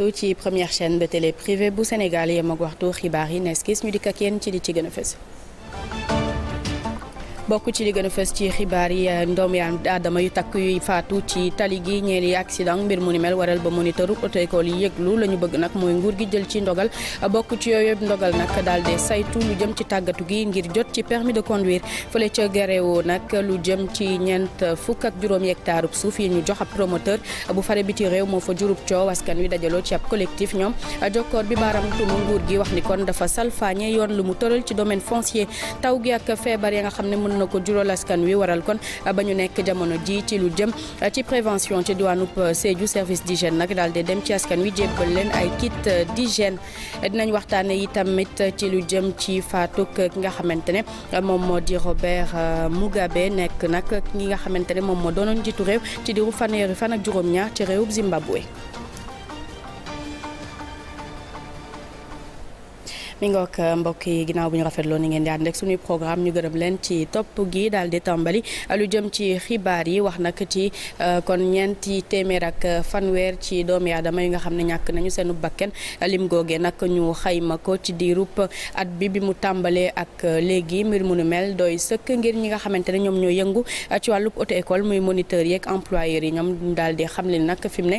waxtu ci première chaîne de télé privée bu Sénégal yem ak waxtu xibaar yi nees gis ñu dikk ak yéen ci di ci gën a fës. bokk ci li gën a fës ci xibaar yi eh, ndoomi aadama yu takk yuy faatu ci tali gi ñeeli accident mbir mu ni mel waral ba monitaru auto yi yëglu la bëgg nag mooy nguur gi jël ci ndogal bokk ci yooyu ndogal nag daal saytu lu jëm ci tàggatu gi ngir jot ci permis de conduire fële ca Garewo nag lu jëm ci ñeent fukk ak juróom hectares suuf yi ñu jox ab promoteur bu fare biti réew moo fa jurub coow askan wi dajaloo ci ab collectif ñoom a bi gi wax ni kon dafa salfaañe na ko jural askan wi waral kon ba ñu nekk jamono ji ci lu jëm ci prévention ci diwaanub euh, Sédhiou service d'hygiène nag daal di dem ci askan wi jébbal leen ay di kit euh, d'hygiène dinañ waxtaane itamit ci lu jëm ci faatuk ki nga xamante ne moom moo di Robert euh, Mugabe nekk nag ki nga xamante ne moom moo doonoon njiitu réew ci fan fanweeri fan ak juróom-ñaar ci réewub Zimbabwe mi ngi ak euh, mbokk yi ginnaaw bu ñu rafetloo ni ngeen di ànd rek suñuy programme ñu gërëm leen ci topp gi daal di tàmbali lu jëm ci xibaar yi wax nag ci euh, kon ñeenti téeméer ak euh, fanweer ci doomi aadama yi nga xam ne ñàkk nañu seenu bakken lim googee nag ñu xayma ko ci diirub at bi bi mu tàmbalee ak léegi mbir mu nu mel doy sëkk ngir ñi nga xamante ne ñoom ñoo yëngu ci wàllub auto école muy moniteur yeeg employeur yi ñoom daal di xam leen nag fi mu ne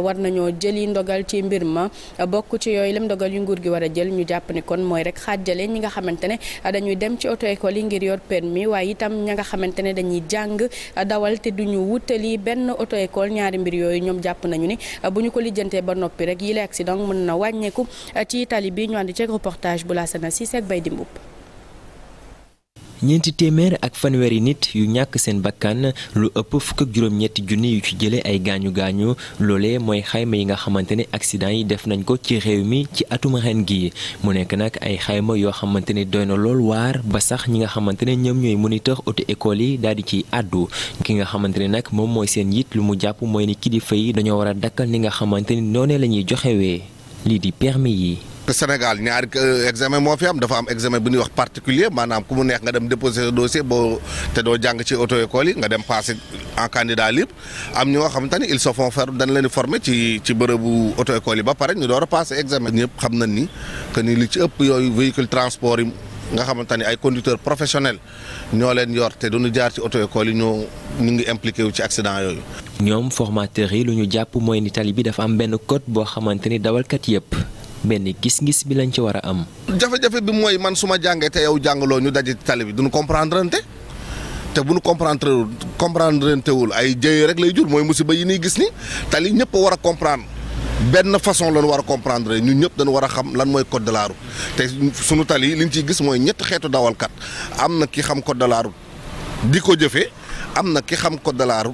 war nañoo jëli ndogal ci mbir ma bokk ci yooyu lim ndogal yu nguur gi war jël ñu jàpp kon mooy rek xaajale ñi nga xamante ne dañuy dem ci auto école yi ngir yor permis waaye itam ña nga xamante ne dañuy jàng dawal te duñu wutali benn auto école ñaari mbir yooyu ñoom jàpp nañu ni bu ñu ko lijjantee ba noppi rek yile accident mën na wàññeeku ci itali bi ñu ànd ceeg reportage bu Lassana Cissé ak Baye Dimboub ñeenti téeméer ak fanweeri nit yu ñàkk seen bakkan lu ëpp fukk ak juróom-ñetti junni yu ci jëlee ay gaañu gaañu loole mooy xayma yi nga xamante ne accident yi def nañ ko ci réew mi ci atum ren gii mu nekk nag ay xayma yoo xamante ne doy na lool waar ba sax ñi nga xamante ne ñoom ñooy moniteur auto école yi daal di ciy àddu ki nga xamante ne nag moom mooy seen yit lu mu jàpp mooy ni kilifa yi dañoo war a dakkal ni nga xamante ni noonee la ñuy joxewee lii di permis yi. que Sénégal ñaari euh, examen moo fi am dafa am examen bu ñuy wax particulier maanaam ku mu neex nga dem déposer dossier boo te doo jàng ci auto école yi nga dem passé en candidat libre am ñoo xamante ni ils se font faire dañ leen di former ci ci bërëbu auto école yi ba pare ñu door a passé ñëpp xam na ni que ni li ci ëpp yooyu véhicule transport yi nga xamante ni ay conducteurs professionnels ñoo leen yor te duñu jaar ci auto école yi ñoo ñu ngi impliqué wu ci accident yooyu. ñoom formateurs yi lu ñu jàpp mooy ni tali bi dafa am benn code boo xamante ni dawalkat yëpp. benn gis-gis bi lañ ci war a am. jafe-jafe bi mooy man suma ma jàngee te yow jàngaloo ñu daje ci tali bi duñu comprendre te te bu ñu comprendre comprendre teewul ay jëye rek lay jur mooy musiba yi nuy gis ni tali ñëpp war a comprendre. benn façon lañu war a comprendre ñun ñëpp dañu war a xam lan mooy code de la te suñu tali yi li ñu ciy gis mooy ñetti xeetu dawalkat am na ki xam code de di ko jëfee am na ki xam code de la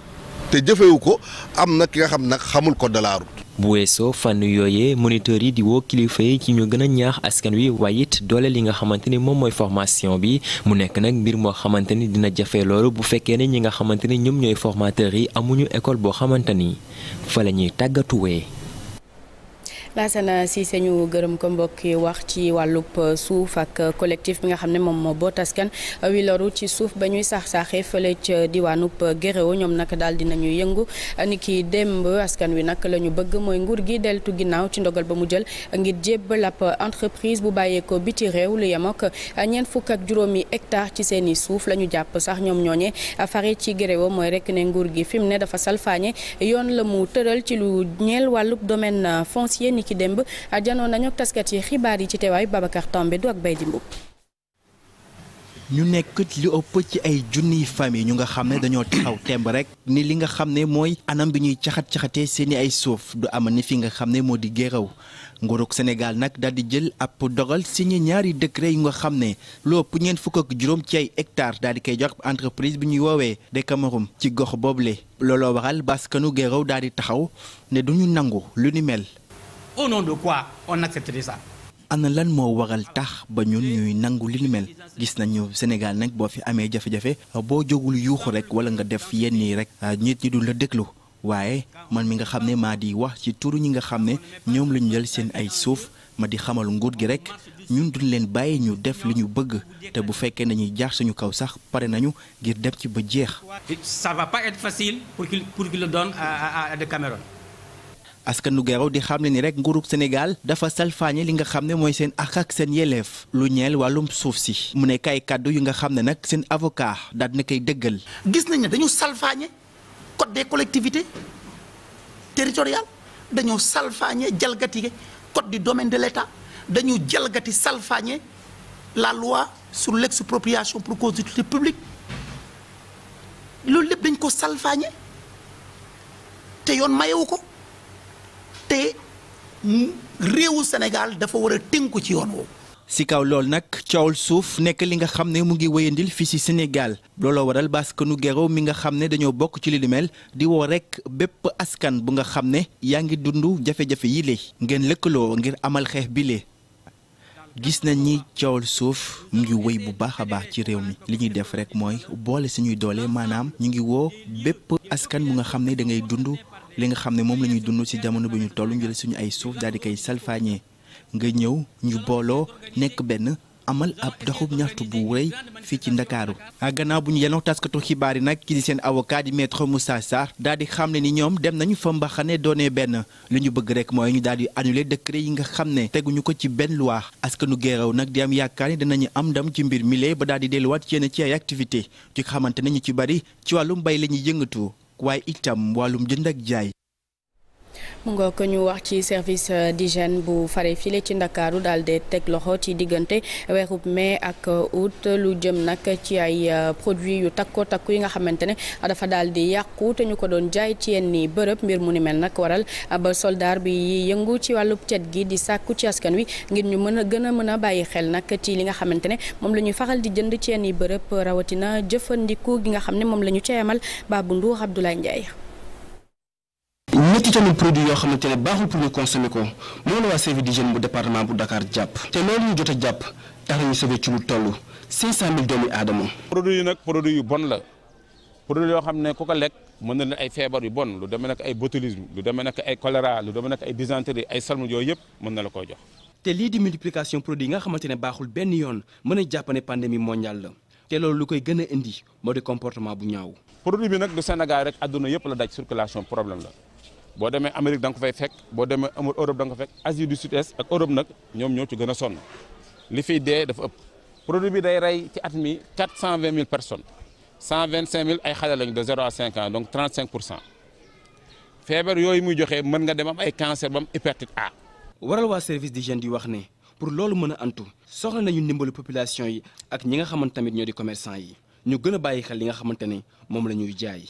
te jëfewu ko am na ki nga xam nag xamul code de la bu weesoo fànn yooyee moniteur yi di woo kilifa yi ci ñu gën a ñaax askan wi waaye it doole li nga xamante ni moom mooy formation bi mu nekk nag mbir moo xamante ni dina jafe loolu bu fekkee ne ñi nga xamante ni ñoom ñooy formateurs yi amuñu école boo xamante ni fa la ñuy tàggatuwee Lassana Cissé ñu gërëm ko mbokk yi wax ci wàllub euh, suuf ak collectif bi nga xam ne moom moo boot askan euh, wi loru ci suuf ba ñuy sax saaxee fële diwaanu diwaanub Géréo ñoom naka daal dinañu yëngu ni ki démb askan wi nag la ñu bëgg mooy nguur gi deltu ginnaaw ci ndogal ba mu jël ngir jébbal ab entreprise bu bàyyeekoo biti réew lu yem ak euh, ñeent fukk ak juróomi hectare ci seeni suuf la ñu jàpp sax ñoom ñooñee fare ci Géréo mooy rek ne nguur gi fi mu ne dafa salfaañe niki démb janoon nañu ak yi xibaar yi ci teewaayu Babacar Tombe du ak Baydi Mbuub ñu nekk li ëpp ci ay junniy famille ñu nga xam ne dañoo taxaw temb rek ni li nga xam ne mooy anam bi ñuy caxat-caxatee seeni ay suuf du ama ni fi nga xam ne moo di géeraw nguurug Sénégal nag daal di jël ab dogal signé ñaari décret yu nga xam ne lu ëpp ñeent fukk ak juróom ci ay hectares daal di koy jox entreprise bi ñuy woowee Decameroum ci gox boobule looloo waral baskanu géeraw daal di taxaw ne duñu nangu lu ni mel au nom de quoi on accepterait ça. ana lan moo waral tax ba ñun ñuy nangu li ni mel gis nañu Sénégal nag boo fi amee jafe-jafe boo jógul yuuxu rek wala nga def yenn yi rek ah, nit ñi du la déglu waaye man mi nga xam ne maa di wax ci turu ñi nga xam ne ñoom la ñu jël seen ay suuf ma di xamal nguur gi rek ñun duñ leen bàyyi ñu def li ñu bëgg te bu fekkee nañuy jaar suñu kaw sax pare nañu ngir dem ci ba jeex. ça va pas être facile pour qu'il askanu Gero di xam ne ni rek nguurug Sénégal dafa salfaañe li nga xam ne mooy seen ak ak seen yelleef lu ñeel wàllum suuf si mu ne ay kàddu yi nga xam ne nag seen avocat daal na koy dëggal. gis nañ ne dañu salfaañe code des collectivités territoriales dañoo salfaañe jalgati code di domaine de l'État dañu jalgati salfaañe la loi sur l'expropriation pour cause d'utilité loolu lépp dañ ko salfaañe te yoon mayewu ko. te réewu Sénégal dafa war a tënku ci yoon woowu. si kaw loolu nag coowul suuf nekk li nga xam ne mu ngi wéyandil fii si Sénégal looloo waral baaskanu Gero mi nga xam ne dañoo bokk ci li lu di woo rekk bépp askan bu nga xam ne yaa ngi dund jafe-jafe yi lé ngeen lëkkaloo ngir amal xeex bi lé gis nañ ni coowul suuf mu ngi wéy bu baax a baax ci réew mi li ñuy def rekk mooy boole suñuy doole maanaam ñu ngi woo bépp askan bu nga xam ne dangay ngay li nga xam ne moom la ñuy dund ci jamono bi ñu tollu ñu jël suñu ay suuf daal di koy salfaañee nga ñëw ñu booloo nekk benn amal ab doxub ñaxtu bu wéy fii ci ndakaaru gannaaw bu ñu yenoo taskatu xibaar yi nag ki di seen avocat di maître Moussa Sarr daal di xam ne ni ñoom dem nañu fa mbaxane doonee benn lu ñu bëgg rek mooy ñu daal di annuler décret yi nga xam ne teguñu ko ci benn loi askanu Guéréo nag di am yaakaar ne dinañu am ndam ci mbir mile ba daal di delluwaat yenn ci activité ci xamante ne ñu ci bari ci wàllum mbay la ñuy yëngatu waaye itam wàllum jënd ak jaay mu ko ñu wax ci service di euh, d'hygiène bu fare file ci ndakaaru daal di teg loxo ci diggante weexub mai ak euh, août lu jëm nag ci ay euh, produits yu takko takku yi nga xamante ne dafa daal di yàqu te ñu ko doon jaay ci yenn ni bërëb mbir mu ni mel nag waral ba soldaar bi yi yëngu ci wàllu cet gi di sàkku ci askan wi ngir ñu mën a gën a mën a bàyyi xel nag ci li nga xamante ne moom la ñuy faral di jënd ci yenn bërëb rawatina jëfandiku gi nga xam ne moom la ñu ca yamal Babou Ndour Abdoulaye Ndiaye ci tamit produit yoo xamante ne baaxul pour ñu consommer ko moom la waa service d'hygiène bu département bu Dakar jàpp te loolu ñu jot a jàpp tax nañu sauvé ci lu toll 500000 doomu aadama. produit yi nag produit la produit yoo xam ne ku ko lekk mën na leen ay feebar yu bon lu demee nag ay botulisme lu demee nag ay choléra lu demee nag ay dysenterie ay salmonelle yooyu yëpp mën na la koy jox. te lii di multiplication produit yi nga xamante ne baaxul benn yoon mën a jàpp ne pandémie mondiale la te loolu lu koy gën a indi moo di comportement bu ñaaw. produit bi nag du Sénégal rek àdduna yëpp la daj circulation problème la. boo demee Amérique da nga ko fay fekk boo demee amul Europe da nga fekk Asie du Sud-Est ak Europe nag ñoom ñoo ci gën a sonn li fiy dee dafa ëpp produit bi day rey ci at mi quatre cent vingt mille personnes cent vingt cinq mille ay xale lañ de zéro à cinq ans donc trente feebar yooyu muy joxe mën nga dem am ay cancer ba am hépatite A. waral waa service di d'hygiène di wax ne pour loolu mën a antu soxla nañu ndimbalu population yi ak ñi nga xamante ñoo di commerçant yi ñu gën a bàyyi xel li nga xamante ne moom la ñuy jaay.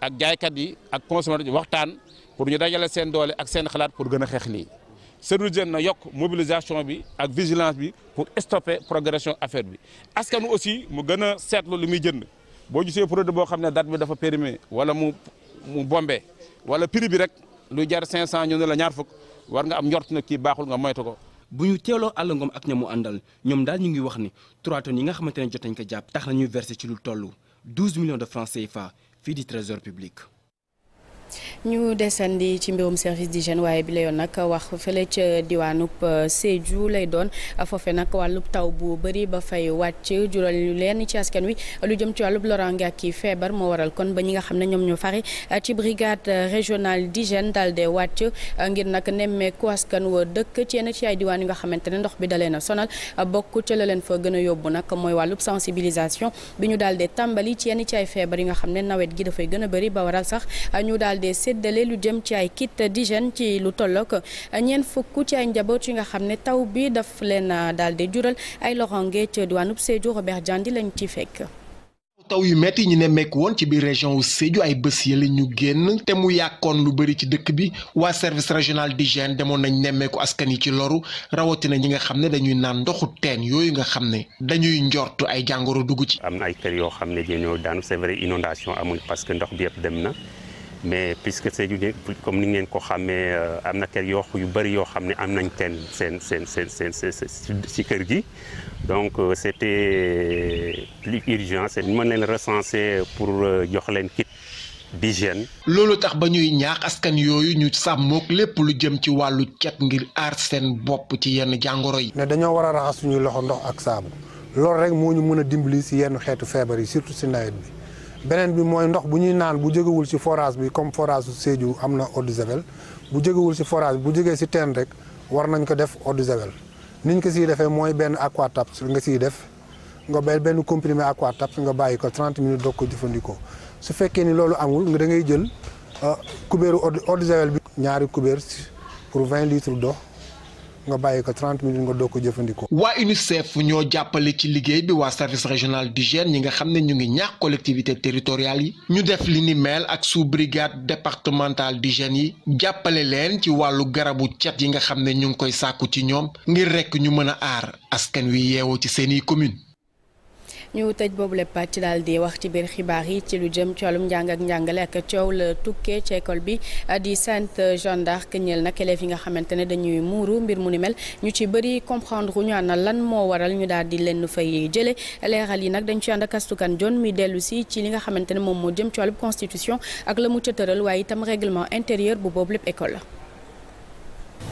ak jaaykat yi ak consommateur yi waxtaan pour ñu dajale seen doole ak seen xalaat pour gën a xeex lii Senu Jeunes na yokk mobilisation bi ak vigilance bi pour stopper progression affaire bi askanu aussi mu gën a seetlu li muy jënd boo gisee produit boo xam ne date bi dafa périmé wala mu mu bombé wala prix bi rek lu jar 500 ñu ne la ñaar fukk war nga am njort na kii baaxul nga moytu ko. bu ñu teeloo Alla Ngom ak mu àndal ñoom daal ñu ngi wax ni 3 tonnes nga xamante ne jot nañ ko jàpp tax na ñuy versé ci lu toll 12 millions de francs CFA. fii di trésor public ñu desandi ci mbirum service d'hygiène waaye bi la yoon nag wax fële ca diwaanub euh, Sédhiou lay doon foofe nag wàllub taw bu bëri ba fay wàcc jural ñu leen ci askan wi lu jëm ci wàllub loraange ak i feebar moo waral kon ba ñi nga xam ne ñoom ñoo fari euh, ci brigade euh, régionale d'hygiène daal de wàcc ngir nag nemmeeku askan wa dëkk ci yenn ci ay diwaan yi nga xamante ne ndox bi dalee na sonal bokk ca la leen foo gën a yóbbu nag mooy wàllub sensibilisation bi ñu daal de tàmbali ci yenn ci ay feebar yi nga xam ne nawet gi dafay gën a bëri daal di lu jëm ci ay kit d'hygiène ci lu tollook ñeent fukk ci njaboot yi xam ne taw bi daf leen ah, daal di jural ay loxonge ca diwaanub Sédhiou Robert Diandi lañ ci fekk. taw yu metti ñu nemmeeku woon ci biir région wu Sédhiou ay bés yële ñu génn te mu yàkkoon lu bëri ci dëkk bi waa service régional d'hygiène demoon nañ nemmeeku askan yi ci loru rawatina ñi nga xam ne dañuy naan ndoxu teen yooyu nga xam ne dañuy njort ay jàngoro dugg ci. am na ay kër yoo xam ne dañoo daanu c'est vrai inondation amul parce que ndox bi yëpp dem na. mais puisque Sédhiou comme ni ngeen ko xamee euh, am na kër yu bëri yoo xam ne am nañ teen seen seen seen seen si kër gi donc euh, c' était plus urgent c' est ñu mën leen recenser pour euh, jox leen kit d'hygiène loolu tax ba ñuy ñaax askan yooyu ñu sàmmook lépp lu jëm ci wàllu cet ngir aar seen bopp ci yenn jàngoro yi. ne dañoo war a raxas suñuy loxo ndox ak saabu loolu rek moo ñu mën a dimbali si yenn xeetu feebar yi surtout si nawet bi. beneen bi mooy ndox bu ñuy naan bu jegewul ci forage bi comme forage su Sédhiou am na eau de javel bu jegewul ci forage bu jógee ci teen rek war nañ ko def eau de javel niñ ko siy defee mooy benn aquatap nga siy def nga bay benn comprimé aquatap nga bàyyi ko 30 minutes doog ko jëfandikoo su fekkee ni loolu amul nga da ngay jël kubéeru euh, eau de javel bi ñaari kubéer pour 20 litres d'eau nga bàyyi ko 30 minutes nga doo ko jëfandikoo. waa UNICEF ñoo jàppale ci liggéey bi waa service di d'hygiène ñi nga xam ne ñu ngi ñàkk collectivité territoriale yi ñu def li ni mel ak sous brigade di d'hygiène yi jàppale leen ci wàllu garabu cet yi nga xam ne ñu ngi koy sàkku ci ñoom ngir rekk ñu mën a aar askan wi yeewoo ci seeni commune ñu tej boobule pàcc daal di wax ci biir xibaar yi ci lu jëm ci wàllum njàng ak njàngale ak coow la tukkee ci école bi euh, di Sainte Jeanne d'Arc ñeel nag élèves yi nga xamante ne dañuy muuru mbir mu ni mel ñu ci bëri comprendre ñu ana lan moo waral ñu daal di leen fay jëlee leeral yi nag dañ ci ànd ak mi dellu si ci li nga xamante ne moom moo jëm ci wàllum constitution ak la mu ca waaye itam règlement intérieur bu boobu lépp école la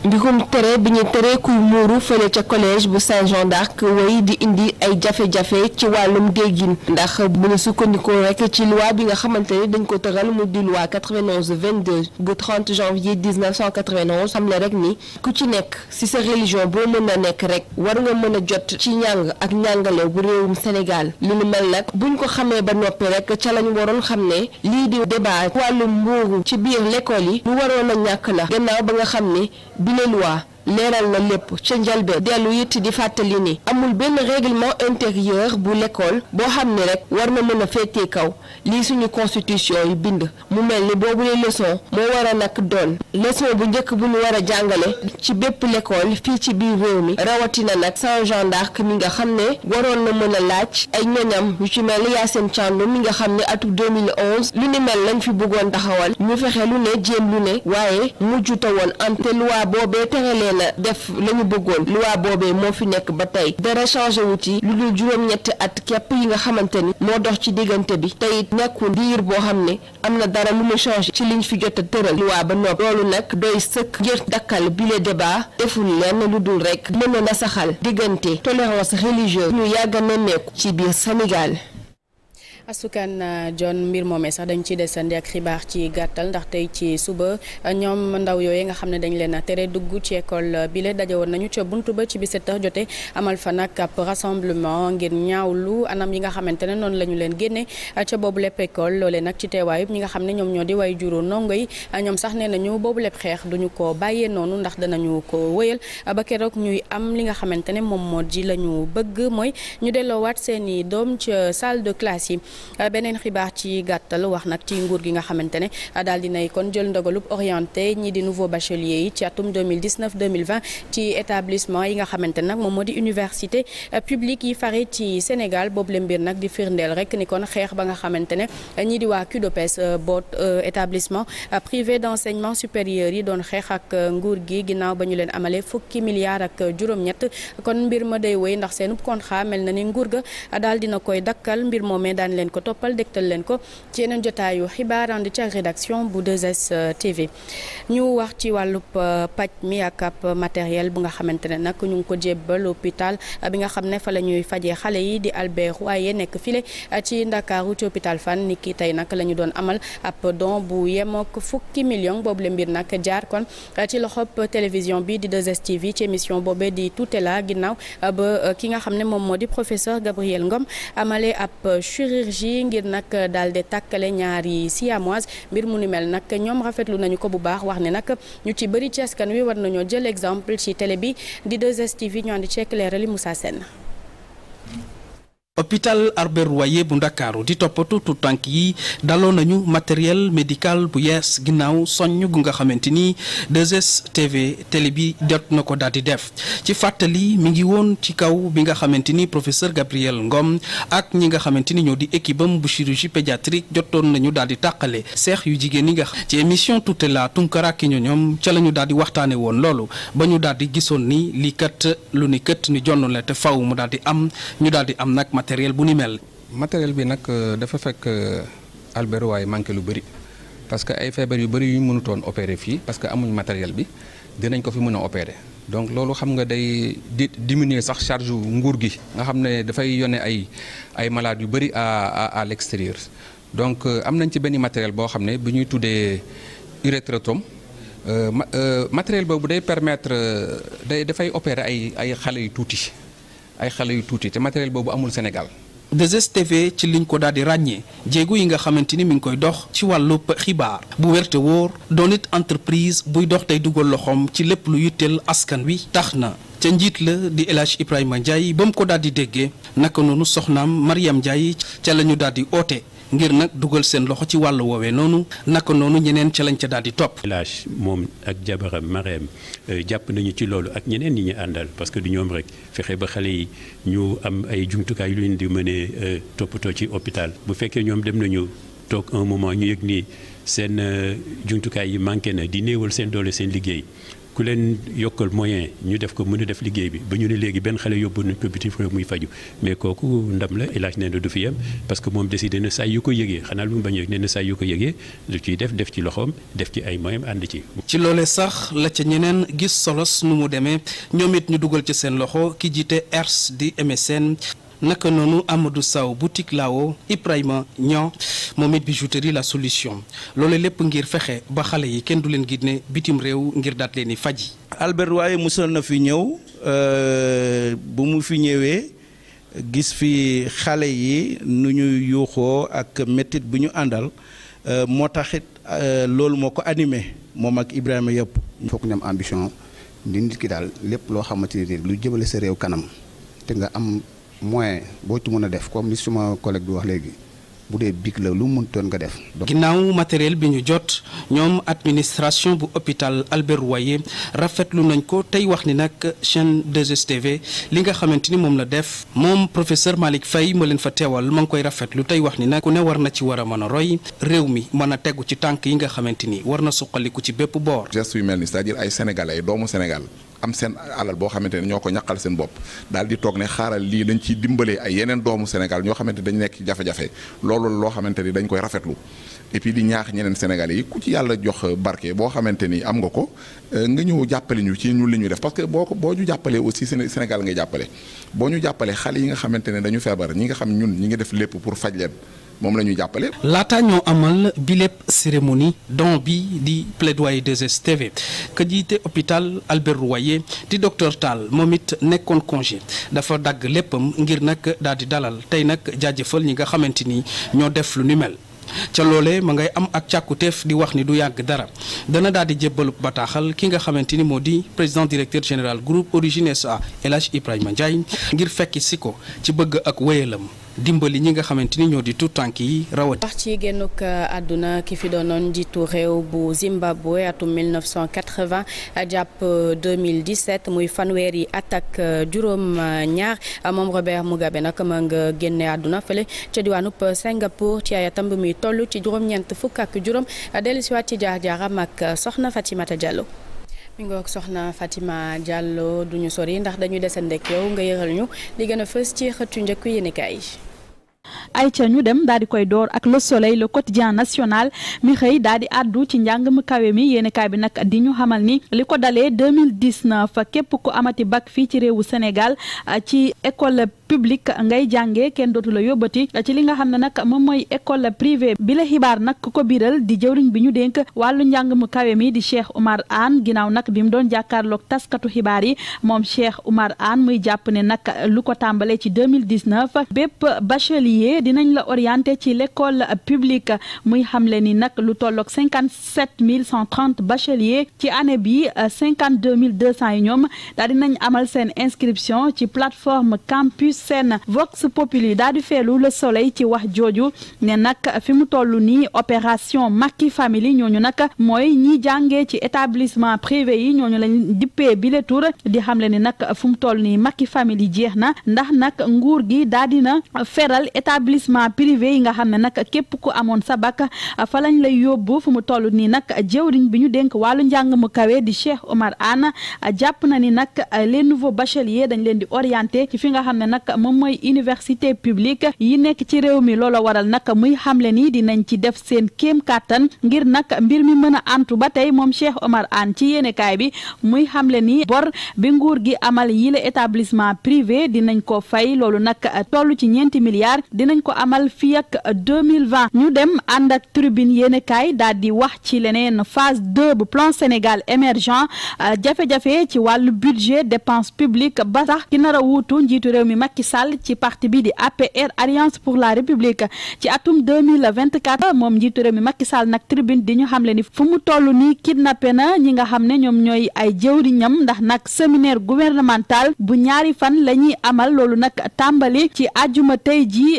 ndigum tere bi ñu tere kuy muuru fële ca collège bu Saint-Jean d'Arc way di indi ay jafe-jafe ci wàllum déggin ndax bu ñu sukkandikoo rek ci loi bi nga xamante ni dañ ko tëral mu di loi 91 22 gu 30 janvier 1991 xam ne rek ni ku ci nekk si sa religion boo mën a nekk rek war nga mën a jot ci njàng ak njàngale bu réewum Sénégal li nu mel nag buñ ko xamee ba noppi rek ca lañ waroon xam ne lii di débat wàllum muuru ci biir lekkool yi lu waroon a ñàkk la gannaaw ba nga xam ni bile waa leeral na lépp ca njalbeen dellu it di fàttali ni amul benn règlement intérieur bu l'école boo xam ne rek war na mën a féetee kaw lii suñu constitution yi bind mu mel ni boobu la leçon moo war a nag doon leçon bu njëkk bu ñu war a jàngale ci bépp l'école fii ci biir réew mi rawatina nag sans Jeanne d'Arc mi nga xam ne waroon na mën a laaj ay ñoñam yu ci mel seen Thiandoum mi nga xam ne atum 2011 lu ni mel lañ fi bëggoon taxawal ñu fexe lu ne jéem lu ne waaye mujjuta woon am te loi boobee la def la ñu bëggoon loi boobee moo fi nekk ba tey dara changé wu ci lu dul juróom-ñetti at képp yi nga xamante ni moo dox ci diggante bi tey it nekkul boo xam ne am na dara lu mu change ci liñ fi jot a tëral loi ba nopp loolu nag doy sëkk ngir dakkal bile débat deful lenn lu dul rek mën a nasaxal diggante tolérance religieuse ñu yàgg na nemmeeku ci biir Sénégal asukan euh, John mbir moomee sax dañ ci desandi ak xibaar ci gàttal ndax tey ci suba euh, ñoom ndaw yooyu nga xam ne dañ leen a tere dugg ci école euh, bile daje woon nañu ca bunt ba ci bi sept heures jotee amal fa nag ab rassemblement ngir ñaawlu anam yi nga xamante ne noonu la ñu leen génne ca boobu lépp école loolee nag ci teewaayu ñi nga xam ne ñoom ñoo di way juru ndongo yi ñoom sax nee nañu boobu lépp xeex duñu ko bàyyee noonu ndax danañu ko wëyal ba keroog ñuy am li nga xamante ne moom moo di la ñu bëgg mooy ñu delloowaat seeni doom ca salle de classe yi Euh, beneen xibaar ci gàttal wax nag ci nguur gi nga xamante ne euh, daal dinay kon jël ndogalub orienté ñi di nouveau bachelier yi ci atum 2019 2020 ci établissement yi nga xamante ne nag moom moo di université euh, publique yi fare ci Sénégal boobu le mbir nag di firndeel rek ni kon xeex ba nga xamante ne ñi di waa CUDOPES boot établissement privé d'enseignement supérieur yi doon xeex ak nguur gi ginnaaw ba ñu leen amalee fukki milliards ak juróom-ñett kon mbir ma day woy ndax seen contrat mel na ni nguur ga daal dina koy dakkal mbir moomee leen ko toppal dégtal leen ko ci yeneen jotaayu xibaar ànd rédaction bu 2S TV ñu wax ci wàllub euh, paj mi ak ab matériel bu nga xamante ne nag ñu ngi ko jébbal hôpital bi nga xam ne fa la ñuy fajee xale yi di Albert Royer nekk file euh, ci Ndakaaru ci hôpital fan ni ki tey nag la ñu doon amal ab don bu yemook fukki million boobu la mbir nag jaar kon euh, ci loxob télévision bi di 2STV ci émission boobee di tout est là ginnaaw ba ki nga xam ne moom moo di professeur Gabriel énergie ngir nag euh, daal di tàkkale ñaari siamoise mbir mu ni mel nag ñoom rafetlu nañu ko bu baax wax ne nag ñu ci bëri ci askan wi war nañoo jël exemple ci télé bi di 2STV ñu ànd ci éclairé li Moussa Sène hôpital Albert Royer bu ndakaaru di toppatoo tout tànk yi daloo nañu matériel médical bu yees ginnaaw soññ gu nga xamante ni 2STV télé bi jot na ko daal di def ci fàttali mi ngi woon ci kaw bi nga xamante ni professeur Gabriel Ngom ak ñi nga xamante ni ñoo di équipe am bu chirurgie pédiatrique jotoon nañu daal di tàqale seex yu jigéen yi nga ci émission tuute la Tunkara ak ñoom ca la ñu daal di waxtaane woon loolu ba ñu daal di gisoon ni lii kat lu ni kët ni faw mu daal di am ñu daal di am nag matériel bu ni mel. bi nag euh, dafa fekk euh, Albert waaye manqué lu bëri parce que ay feebar yu bëri yuñ ñu mënutoon opérer fii parce que amuñ matériel bi dinañ ko fi mën a opérer donc loolu xam nga day di diminuer sax charge nguur gi nga xam ne dafay yone ay ay malades yu bëri à à l'extérieur donc euh, am nañ ci benn matériel boo xam ne bu ñuy tuddee urétrotome matériel boobu day permettre day dafay opérer ay ay xale yu tuuti. ay xale yu tuuti te matériel boobu amul Sénégal. 2STV ci liñ ko daal di ràññee jéego yi nga xamante ni mi ngi koy dox ci wàllu xibaar bu werte wóor doonit it entreprise buy dox tey dugal loxoom ci lépp lu yitteel askan wi tax na ca njiit la di El Hadj Ibrahima Ndiaye ba mu ko daal di déggee naka noonu soxnaam Mariam Ndiaye ca la ñu daal di oote. ngir nag dugal seen loxo ci wàllu woowee noonu naka noonu ñeneen ca lañ ca daal di topp. village moom ak jabaram mareem euh, jàpp nañu ci loolu ak ñeneen ñi ñu àndal parce que du ñoom rek fexe ba xale yi ñu am ay jumtukaay yu ñu di mënee euh, toppatoo ci hôpital bu fekkee ñoom dem nañu toog un moment ñu yëg nii seen euh, jumtukaay yi manqué na di néewal seen doole seen liggéey. ku leen yokkal moyen ñu def ko mën a def liggéey bi ba ñu ne léegi benn xale yóbbu nañ ko bitim réew muy faju mais kooku ndam la ilaaj nee du fi yem parce moom décidé na saa yu ko yëgee xanaa lu mu bañ a yëg yu ko yëgee lu ciy def def ci loxoom def ci ay moyens ànd ci. ci loolee sax la ca ñeneen gis solos nu mu demee ñoom it ñu dugal ci seen loxo ki jiite ers di MSN. naka noonu amadu saw boutique Lao Ibrahima Niang moom it bijouterie la solution loole lépp ngir fexe ba xale yi kenn du leen génne bitim réew ngir daat leen di faji Albert waaye musoon na fi ñëw euh, bu mu fi ñëwee gis fi xale yi nu ñu yuuxoo ak métit bu ñu àndal euh, moo taxit euh, loolu moo ko animé moom ak Ibrahima yëpp. foog ñu am ambition di nit ki daal lépp loo xamante ni lu jëmale sa réew kanam te nga am. moyen boo ci mën a def comme ni suma collègue bi wax léegi bu dee big la lu mu mëntoon nga def. ginnaaw matériel bi ñu jot ñoom administration bu hôpital Albert Royer rafetlu nañ ko tey wax ni nag chaîne 2STV li nga xamante ni moom la def moom professeur Malick Faye ma leen fa teewal ma ngi koy rafetlu tey wax ni nag ku ne war na ci war a mën a roy réew mi mën a tegu ci tànk yi nga xamante ni war na suqaliku ci bépp boor. geste yu mel ni cest ay sénégalais doomu Sénégal. am seen alal boo xamante ne ñoo ko ñaqal seen bopp dal di toog ne xaaral lii dañ ciy dimbalee ay yeneen doomu Sénégal ñoo xamante dañ nekk jafe-jafe loolu loo xamante ni dañ koy rafetlu et di ñaax ñeneen Sénégalais yi ku ci yàlla jox barke boo xamante ni am nga ko euh, nga ñëw jàppale ñu ci ñun li ñu def parce que boo ko boo ñu jàppalee aussi Sénégal nga jàppale boo ñu jàppale xale yi nga xamante ne dañu feebar ñi nga xam ñun ñi ngi def lépp pour faj leen moom la ñuy jàppale. laata ñoo amal bi lépp cérémonie don bi di plaidoyer 2STV ka jiite hôpital Albert Royer di docteur Tall moom it nekkoon congé dafa dagg léppam ngir nag daal di dalal tey nag jaajëfal ñi nga xamante ni ñoo def lu ni mel. ca loole ma ngay am ak càkkutéef di wax ni du yàgg dara dana daal di jébbalu bataaxal ki nga xamante ni moo di président directeur général groupe origine SA El Hadj Ibrahima Ndiaye ngir fekki si ko ci bëgg ak wéyalam dimbali ñi nga xamante ni ñoo di tout tànk yi rawati wax ci génnuk euh, àdduna ki fi doonoon njiitu réew bu Zimbabwe atum 1980 jàpp 2017 euh, muy fanweeri at ak euh, juróom ñaar moom Robert Mugabe nag ma nga génne àdduna fële ca diwaanub Singapour ci ay atam bi muy toll ci juróom-ñeent fukk ak juróom dellusiwaat ci jaar-jaaram ak soxna Fatimata Diallo mi ngoog soxna Fatima Diallo duñu sori ndax dañuy desandek yow nga yëral ñu li gën a fës ci xëtu njëkk yéenekaay yi ay ca ñu dem daal di koy door ak le soleil le quotidien national mi xëy daal di àddu ci njàng mu kawe mi yéeni kaay bi nag di ñu xamal ni li ko dalee 2019 képp ku amati bac fii ci réewu Sénégal ah, ci école publique ngay jàngee kenn dootu la yóbbati ci li nga xam ne nag moom mooy école privée bi la xibaar nag ko biiral di jëwriñ bi ñu dénk wàllu njàng mu kawe mi di Cheikh Oumar Anne ginnaaw nag bi mu doon jàkkaarloog taskatu xibaar yi moom Cheikh Oumar Anne muy jàpp ne nag lu ko tàmbalee ci 2019 bépp bachelier juillet dinañ la orienté ci lekol publique muy xamle ni nag lu tolloog cinquante sept mille cent trente bacheliers ci année bi euh, cinquante deux mille deux cent yi ñoom daal amal seen inscription ci plateforme campus seen Vox Populi daal di feelu le soleil ci wax jooju ne nag fi mu toll nii opération Macky Family ñooñu nag mooy ñi jàngee ci établissement privé yi ñooñu lañ dippee bile tour di xamle ni nag fu mu toll nii Macky Family jeex na ndax nag nguur gi daal feral établissement privé yi nga xam ne nag képp ku amoon sa bac fa lañ lay yóbbu fu mu toll nii nag jëwriñ bi ñu denk wàllu njàng mu kawe di Cheikh Omar Anne jàpp na ni nag les nouveaux bacheliers dañ leen di orienté ci fi nga xam ne nag moom mooy université publique yi nekk ci réew mi loola waral nag muy xam xamle ni dinañ ci def seen kéem kàttan ngir nag mbir mi mën a antu ba tey moom Cheikh Omar Anne ci yéenekaay bi muy xamle ni bor bi nguur gi amal yi la établissement privé dinañ ko fay loolu nag toll ci ñeenti milliards dinañ ko amal fii ak 2020 ñu dem ànd ak tribune yéen kaay daal di wax ci leneen phase 2 bu plan Sénégal émergent euh, jafe-jafe ci wàllu budget dépense publique ba sax ki nar a wuutu njiitu réew mi Macky sàll ci parti bi di APR Alliance pour la République ci atum 2024 moom njiitu réew mi makki Sall nag tribune di ñu xamle ni fu mu toll nii kidnappé na ñi nga xam ne ñoom ñooy ay jëwriñam ndax nag séminaire gouvernemental bu ñaari fan la ñuy amal loolu nag tàmbali ci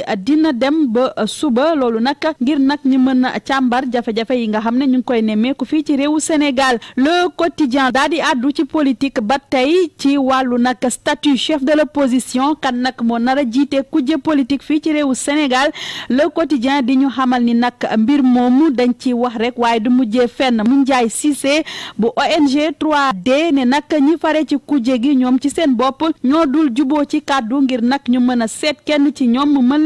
bi dina dem ba uh, suba loolu nag ngir nag ñu mën a càmbar jafe-jafe yi nga xam ne ñu ngi koy nemmeeku fii ci réewu Sénégal le quotidien daa di àddu ci politique ba tey ci wàllu nag statut chef de l'opposition kan nag moo nar a jiite kujje politique fii ci réewu Sénégal le quotidien di ñu xamal ni nag mbir moomu dañ ci wax rek waaye du mujjee fenn mu njaay Cissé bu ONG 3D ne nag ñi fare ci kujje gi ñoom ci seen bopp ñoo dul juboo ci kàddu ngir nag ñu mën a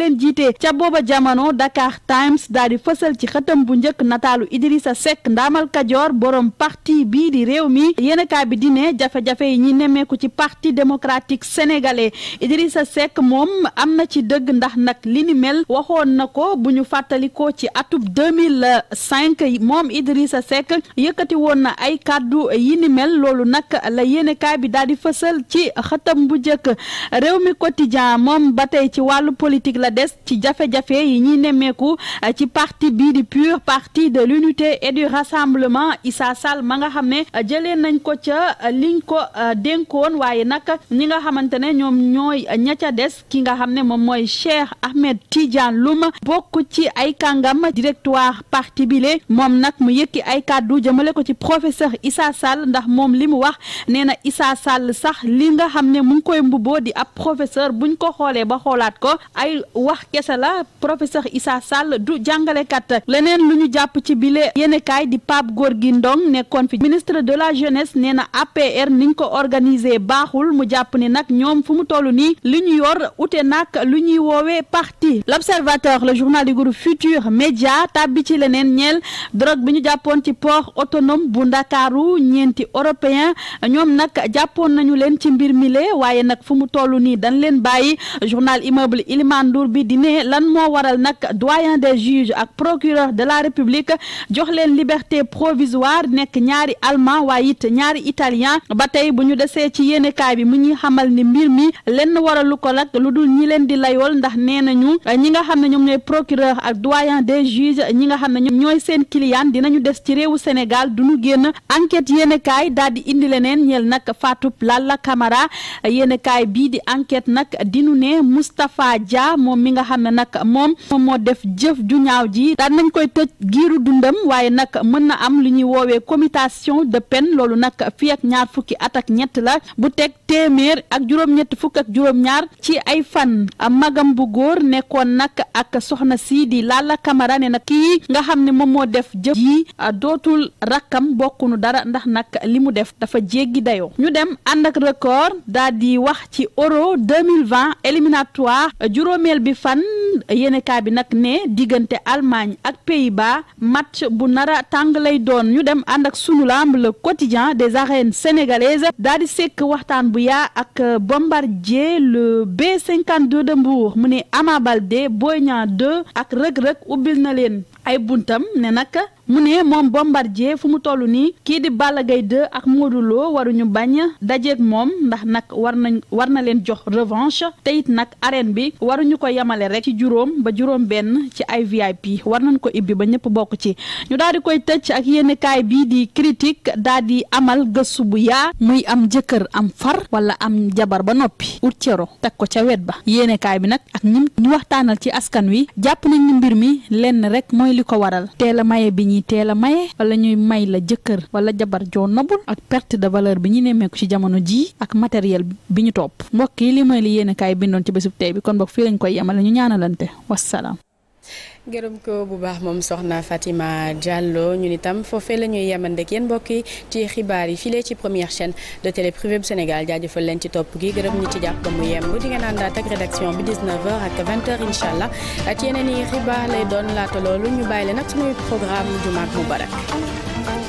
leen jiite ca booba jamono Dakar Times daal di fësal ci xëtam bu njëkk nataalu Idrissa Seck ndaamal Kajoor boroom parti bii di réew mi yéenekaay bi dine ne jafe-jafe yi ñi nemmeeku ci parti démocratique sénégalais Idrissa Seck moom am na ci dëgg ndax nag li ni mel waxoon na ko bu ñu fàttalikoo ci atub 2005 moom idrisa Seck yëkkati woon na ay kàddu yi ni mel loolu nag la yéenekaay bi daal di fësal ci xëtam bu njëkk réew mi quotidien moom ba tey ci wàllu politique la des ci jafe-jafe yi ñuy nemmeeku euh, ci parti bii di pur parti de l'unité et du rassemblement Issa Sall ma nga xam ne euh, jëlee nañ ko ca euh, liñ ko dénkoon waaye nag ñi nga xamante ne ñoom ñooy ña ca des ki nga xam ne moom mooy Cheikh Ahmed lu Loum bokk ci ay kàngam directoire parti bile moom nag mu yëkki ay kàddu jëmale ko ci professeur Issa Sall ndax moom li mu wax nee na Issa Sall sax li nga xam ne mu ngi koy mbubboo di ab professeur buñ ko xoolee ba xoolaat ko wax kese la professeur Issa Sall du jàngalekat leneen lu ñu jàpp ci bile yéenekaay di Pape Gorgui Ndong nekkoon fi ministre de la jeunesse nee na APR niñ ko organiser baaxul mu jàpp ni nag ñoom fu mu toll nii li ñu yor ute nak lu ñuy woowee parti l'observateur le journal di groupe Futur Média tàbbi ci leneen ñeel drogue bi ñu jàppoon ci port autonome bu Ndakaaru ñeenti européen ñoom nag jàppoon nañu leen ci mbir mile waaye nag fu mu toll nii dañ leen bàyyi bi di ne lan moo waral nag doyen de juges ak procureur de la république jox leen liberté provisoire nekk ñaari allemand waaye it ñaari italien ba tey bu ñu desee ci yéenekaay bi mu ñuy xamal ne mbir mi lenn waralu ko nag lu dul ñi leen di layool ndax nee nañu ñi nga xam ne ñoom ñooy procureur ak doyen des juges ñi nga xam ne ñooy seen client dinañu des ci réewu Sénégal du ñu génn enquête yéenekaay daal di indi leneen ñeel nag faatu Lalla Camara yéenekaay bii di enquête nag dinu ne Moustapha mi nga xam ne nag moom moo def jëf ju ñaaw ji daan nañ koy tëj giiru dundam waaye nag mën na am lu ñuy woowee commutation de peine loolu nag fii ak ñaar fukki at ak ñett la bu teg téeméer ak juróom-ñett fukk ak juróom-ñaar ci ay fan magam bu góor nekkoon nag ak soxna sii di Lalla Camara ne nag kii nga xam ne moom moo def jëf yi ah, dootul rakkam bokkunu dara ndax nag li mu def dafa jéggi dayo ñu dem ànd ak record dal di wax ci euro 2020 éliminatoire ah, juróomeel bi fan yéenekaay bi nag ne diggante Allemagne ak Pays-Bas match bu nara tàng lay doon ñu dem ànd ak sunu lamb le quotidien des arènes sénégalaises daal di sekk waxtaan bu yaa ak euh, bombardier le B52 de Mbour mu ne Ama Baldé Boy Niang ak Reug Reug ubbil na leen ay buntam ne nag mu ne moom Bombardier fu mu toll nii kii di Balla Gaye 2 ak Modou waruñu bañ dajeeg moom ndax nag war nañ war na leen jox revanche teyit nag arène bi waruñu ko yemale rek ci juróom ba juróom benn ci ay VIP war nañ ko ibbi ba ñëpp bokk ci ñu daal di koy tëj ak yéen kaay bii di critique daal di amal gëstu bu yaa muy am jëkkër am far wala am jabar ba noppi ut cero teg ko ca wet ba yéene bi nag ak ñim ñu waxtaanal ci askan wi jàpp nañ ni mbir mi lenn rek mooy li ko waral teel a bi ñuy teel a maye wala ñuy may la jëkkër wala jabar joo nobul ak perte de valeur bi ñu nemmeeku ci jamono jii ak matériel bi ñu topp mbokk yi li may li yéen a kaay bindoon ci bésub tey bi kon bokk fii lañ koy yemale ñu ñaanalante wassalaam gërëm ko bu baax moom soxna Fatima Diallo ñu itam foofee la ñuy yemandeek yéen mbokk yi ci xibaar yi file ci première chaîne de télé privée bu Sénégal jaajëfal leen ci topp gi gërëm ñi ci jàpp mu yemb di ngeen àndaat ak rédaction bi 19h ak 20h incha allah ak yeneen yi xibaar lay doon laata loolu ñu bàyyi leen ak suñuy programme jumaat mubarak